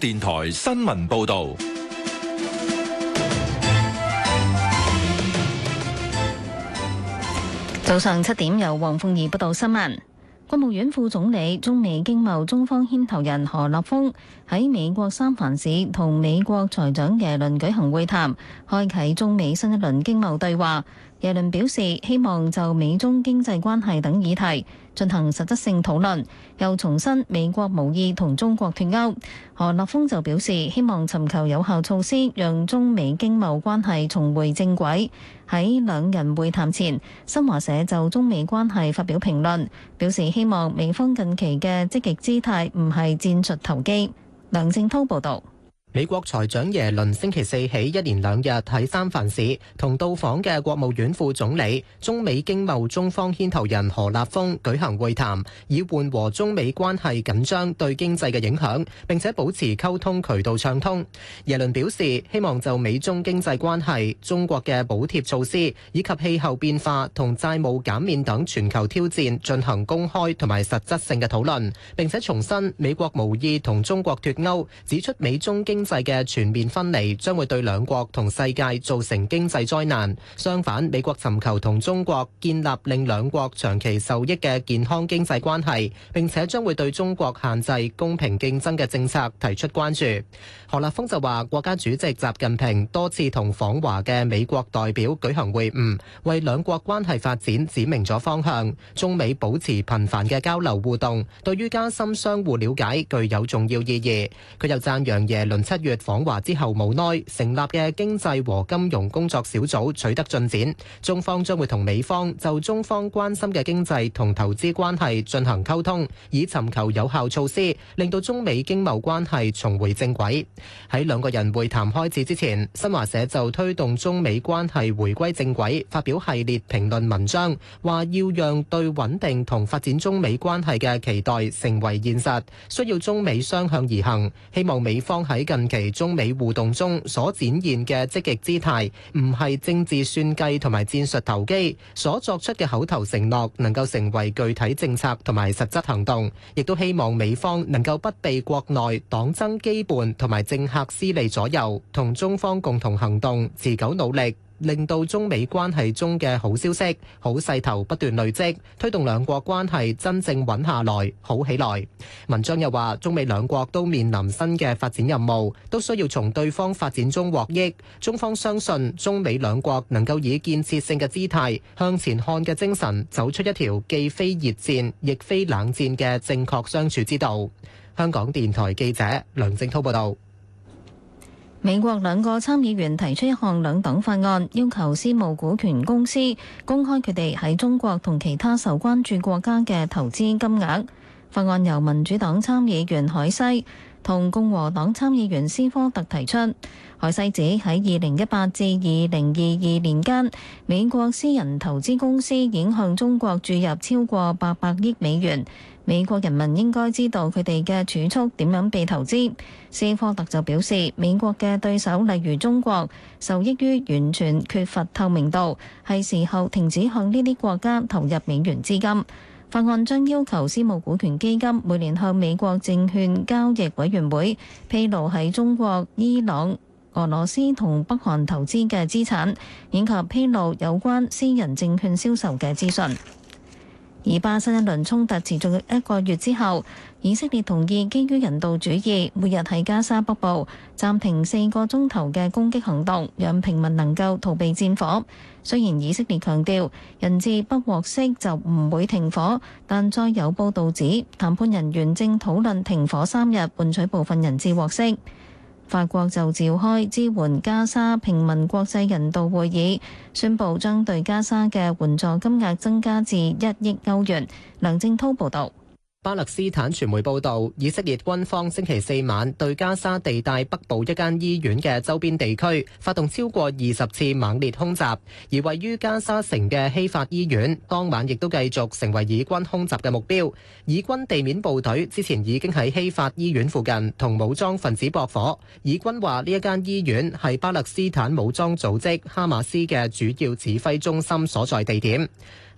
電台新聞報道。早上七點，由黃鳳儀報道新聞。國務院副總理、中美經貿中方牽頭人何立峰喺美國三藩市同美國財長耶倫舉行會談，開啟中美新一輪經貿對話。耶倫表示希望就美中經濟關係等議題進行實質性討論，又重申美國無意同中國脫鉤。何立峰就表示希望尋求有效措施，讓中美經貿關係重回正軌。喺兩人會談前，新華社就中美關係發表評論，表示希望美方近期嘅積極姿態唔係戰術投機。梁正滔報道。美國財長耶倫星期四起一連兩日喺三藩市同到訪嘅國務院副總理、中美經貿中方牽頭人何立峰舉行會談，以緩和中美關係緊張對經濟嘅影響，並且保持溝通渠道暢通。耶倫表示，希望就美中經濟關係、中國嘅補貼措施以及氣候變化同債務減免等全球挑戰進行公開同埋實質性嘅討論，並且重申美國無意同中國脫鈎，指出美中經經濟嘅全面分離將會對兩國同世界造成經濟災難。相反，美國尋求同中國建立令兩國長期受益嘅健康經濟關係，並且將會對中國限制公平競爭嘅政策提出關注。何立峰就話，國家主席習近平多次同訪華嘅美國代表舉行會晤，為兩國關係發展指明咗方向。中美保持頻繁嘅交流互動，對於加深相互了解具有重要意義。佢又讚揚耶倫。七月訪華之後，無奈成立嘅經濟和金融工作小組取得進展，中方將會同美方就中方關心嘅經濟同投資關係進行溝通，以尋求有效措施，令到中美經貿關係重回正軌。喺兩個人會談開始之前，新華社就推動中美關係回歸正軌發表系列評論文章，話要讓對穩定同發展中美關係嘅期待成為現實，需要中美雙向而行。希望美方喺近近期中美互動中所展現嘅積極姿態，唔係政治算計同埋戰術投機所作出嘅口頭承諾，能夠成為具體政策同埋實質行動。亦都希望美方能夠不被國內黨爭羈絆同埋政客私利左右，同中方共同行動，持久努力。令到中美關係中嘅好消息、好勢頭不斷累積，推動兩國關係真正穩下來、好起來。文章又話，中美兩國都面臨新嘅發展任務，都需要從對方發展中獲益。中方相信，中美兩國能夠以建設性嘅姿態、向前看嘅精神，走出一條既非熱戰亦非冷戰嘅正確相處之道。香港電台記者梁靜濤報道。美國兩個參議員提出一項兩黨法案，要求私募股權公司公開佢哋喺中國同其他受關注國家嘅投資金額。法案由民主黨參議員海西同共和黨參議員斯科特提出。海西指喺二零一八至二零二二年間，美國私人投資公司已經向中國注入超過八百億美元。美國人民應該知道佢哋嘅儲蓄點樣被投資。斯科特就表示，美國嘅對手例如中國，受益於完全缺乏透明度，係時候停止向呢啲國家投入美元資金。法案將要求私募股權基金每年向美國證券交易委員會披露喺中國、伊朗、俄羅斯同北韓投資嘅資產以及披露有關私人證券銷售嘅資訊。以巴新一輪衝突持續一個月之後，以色列同意基於人道主義，每日喺加沙北部暫停四個鐘頭嘅攻擊行動，讓平民能夠逃避戰火。雖然以色列強調人質不獲釋就唔會停火，但再有報道指，談判人員正討論停火三日，換取部分人質獲釋。法國就召開支援加沙平民國際人道會議，宣佈將對加沙嘅援助金額增加至一億歐元。梁正滔報導。巴勒斯坦傳媒報道，以色列軍方星期四晚對加沙地帶北部一間醫院嘅周邊地區發動超過二十次猛烈空襲，而位於加沙城嘅希法醫院當晚亦都繼續成為以軍空襲嘅目標。以軍地面部隊之前已經喺希法醫院附近同武裝分子駁火。以軍話呢一間醫院係巴勒斯坦武裝組織哈馬斯嘅主要指揮中心所在地點。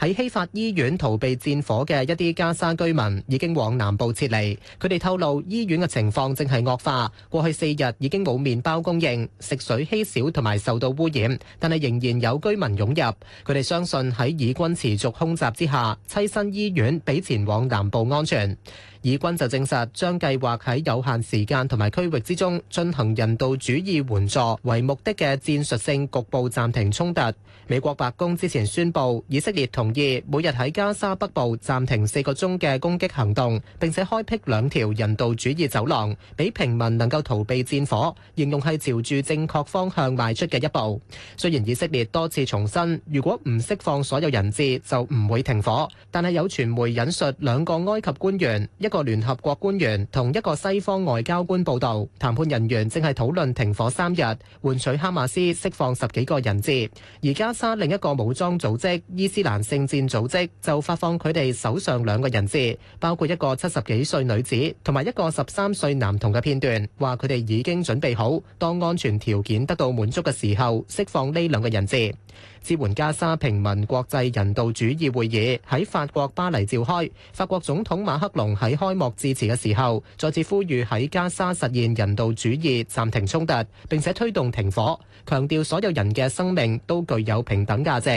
喺希法醫院逃避戰火嘅一啲加沙居民已經往南部撤離。佢哋透露醫院嘅情況正係惡化，過去四日已經冇麵包供應，食水稀少同埋受到污染。但係仍然有居民湧入。佢哋相信喺以軍持續空襲之下，棲身醫院比前往南部安全。以軍就證實將計劃喺有限時間同埋區域之中進行人道主義援助為目的嘅戰術性局部暫停衝突。美國白宮之前宣布以色列同同意每日喺加沙北部暫停四個鐘嘅攻擊行動，並且開闢兩條人道主義走廊，俾平民能夠逃避戰火，形容係朝住正確方向邁出嘅一步。雖然以色列多次重申，如果唔釋放所有人質就唔會停火，但係有傳媒引述兩個埃及官員、一個聯合國官員同一個西方外交官報道，談判人員正係討論停火三日，換取哈馬斯釋放十幾個人質。而加沙另一個武裝組織伊斯蘭聖戰組織就發放佢哋手上兩個人質，包括一個七十幾歲女子同埋一個十三歲男童嘅片段，話佢哋已經準備好，當安全條件得到滿足嘅時候，釋放呢兩個人質。支援加沙平民國際人道主義會議喺法國巴黎召開，法國總統馬克龍喺開幕致辭嘅時候，再次呼籲喺加沙實現人道主義暫停衝突，並且推動停火，強調所有人嘅生命都具有平等價值。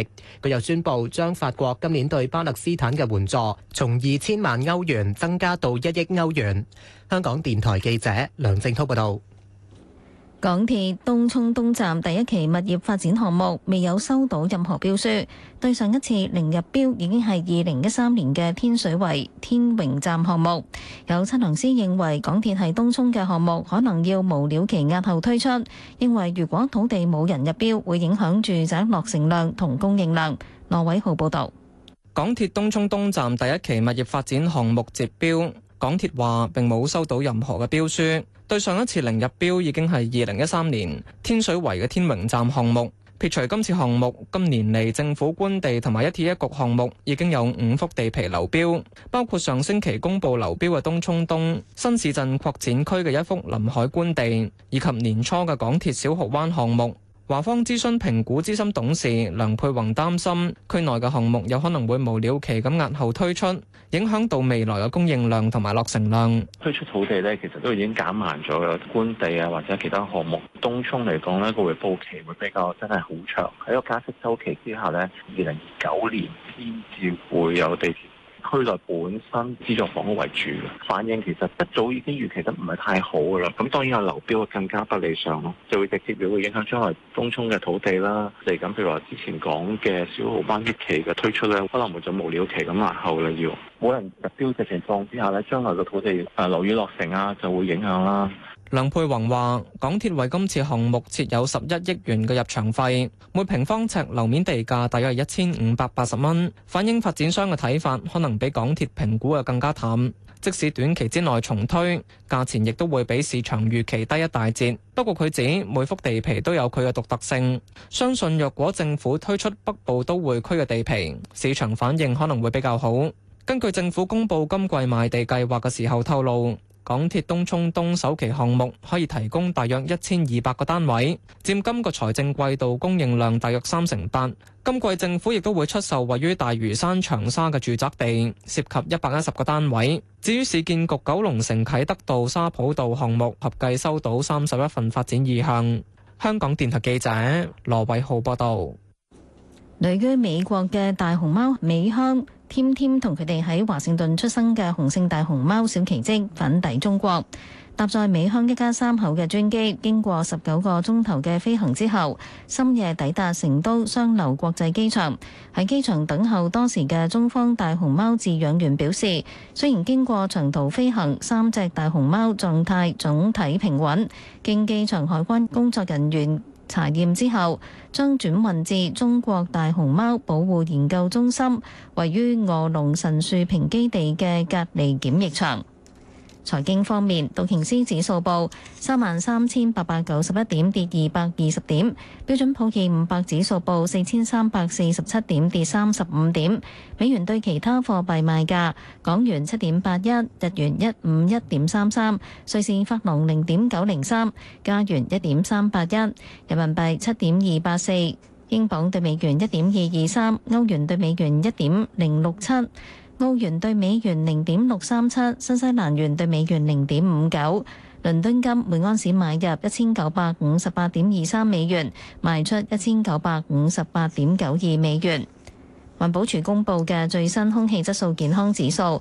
佢又宣布將。法國今年對巴勒斯坦嘅援助從二千萬歐元增加到一億歐元。香港電台記者梁正滔報道。港鐵東涌東站第一期物業發展項目未有收到任何標書，對上一次零入標已經係二零一三年嘅天水圍天榮站項目。有測量師認為港鐵喺東涌嘅項目，可能要無了期押後推出，因為如果土地冇人入標，會影響住宅落成量同供應量。羅偉浩報導。港鐵東涌東站第一期物業發展項目截標，港鐵話並冇收到任何嘅標書。對上一次零入標已經係二零一三年天水圍嘅天榮站項目。撇除今次項目，今年嚟政府官地同埋一鐵一局項目已經有五幅地皮流標，包括上星期公布流標嘅東涌東新市鎮擴展區嘅一幅臨海官地，以及年初嘅港鐵小蠔灣項目。華方諮詢評估資深董事梁佩宏擔心，區內嘅項目有可能會無了期咁押後推出，影響到未來嘅供應量同埋落成量。推出土地呢，其實都已經減慢咗，有官地啊或者其他項目，東涌嚟講呢個回報期會比較真係好長。喺個加息周期之下呢，二零二九年先至會有地。區內本身資助房屋為主反應，其實一早已經預期得唔係太好嘅啦。咁當然個樓標更加不理想咯，就會直接會影響將來東涌嘅土地啦。嚟緊譬如話之前講嘅小蠔灣一期嘅推出咧，可能會就無了期咁延後啦。要冇人入標嘅情況之下咧，將來嘅土地誒、呃、樓宇落成啊，就會影響啦。梁佩宏話港鐵為今次項目設有十一億元嘅入場費，每平方尺樓面地價大約一千五百八十蚊。反映發展商嘅睇法，可能比港鐵評估嘅更加淡。即使短期之內重推，價錢亦都會比市場預期低一大截。不過，佢指每幅地皮都有佢嘅獨特性，相信若果政府推出北部都會區嘅地皮，市場反應可能會比較好。根據政府公布今季賣地計劃嘅時候透露。港鐵東湧東涌東首期項目可以提供大約一千二百個單位，佔今個財政季度供應量大約三成八。今季政府亦都會出售位於大嶼山長沙嘅住宅地，涉及一百一十個單位。至於市建局九龍城啟德道沙浦道項目，合計收到三十一份發展意向。香港電台記者羅偉浩報道。旅居美國嘅大熊貓美香、添添同佢哋喺華盛頓出生嘅雄性大熊貓小奇蹟返抵中國。搭載美香一家三口嘅專機經過十九個鐘頭嘅飛行之後深夜抵達成都雙流國際機場，喺機場等候多時嘅中方大熊貓飼養員表示，雖然經過長途飛行，三隻大熊貓狀態總體平穩，經機場海關工作人員。查驗之後，將轉運至中國大熊貓保護研究中心，位於臥龍神樹坪基地嘅隔離檢疫場。財經方面，道瓊斯指數報三萬三千八百九十一點，跌二百二十點；標準普爾五百指數報四千三百四十七點，跌三十五點。美元對其他貨幣賣價：港元七點八一，日元一五一點三三，瑞士法郎零點九零三，加元一點三八一，人民幣七點二八四，英鎊對美元一點二二三，歐元對美元一點零六七。澳元兌美元零點六三七，新西蘭元兌美元零點五九，倫敦金每安士買入一千九百五十八點二三美元，賣出一千九百五十八點九二美元。環保署公佈嘅最新空氣質素健康指數，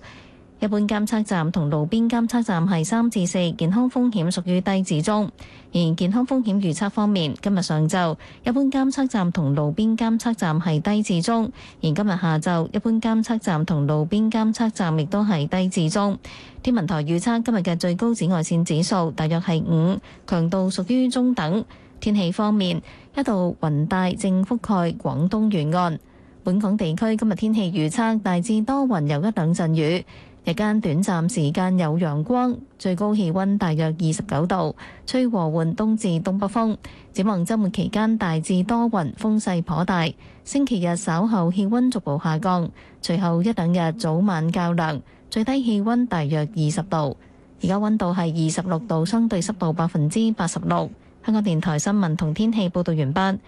一般監測站同路邊監測站係三至四，健康風險屬於低至中。而健康風險預測方面，今日上晝一般監測站同路邊監測站係低至中，而今日下晝一般監測站同路邊監測站亦都係低至中。天文台預測今日嘅最高紫外線指數大約係五，強度屬於中等。天氣方面，一道雲帶正覆蓋廣東沿岸，本港地區今日天，天氣預測大致多雲有一兩陣雨。日間短暫時間有陽光，最高氣溫大約二十九度，吹和緩東至東北風。展望周末期間大致多雲，風勢頗大。星期日稍後氣溫逐步下降，隨後一兩日早晚較涼，最低氣溫大約二十度。而家溫度係二十六度，相對濕度百分之八十六。香港電台新聞同天氣報道完畢。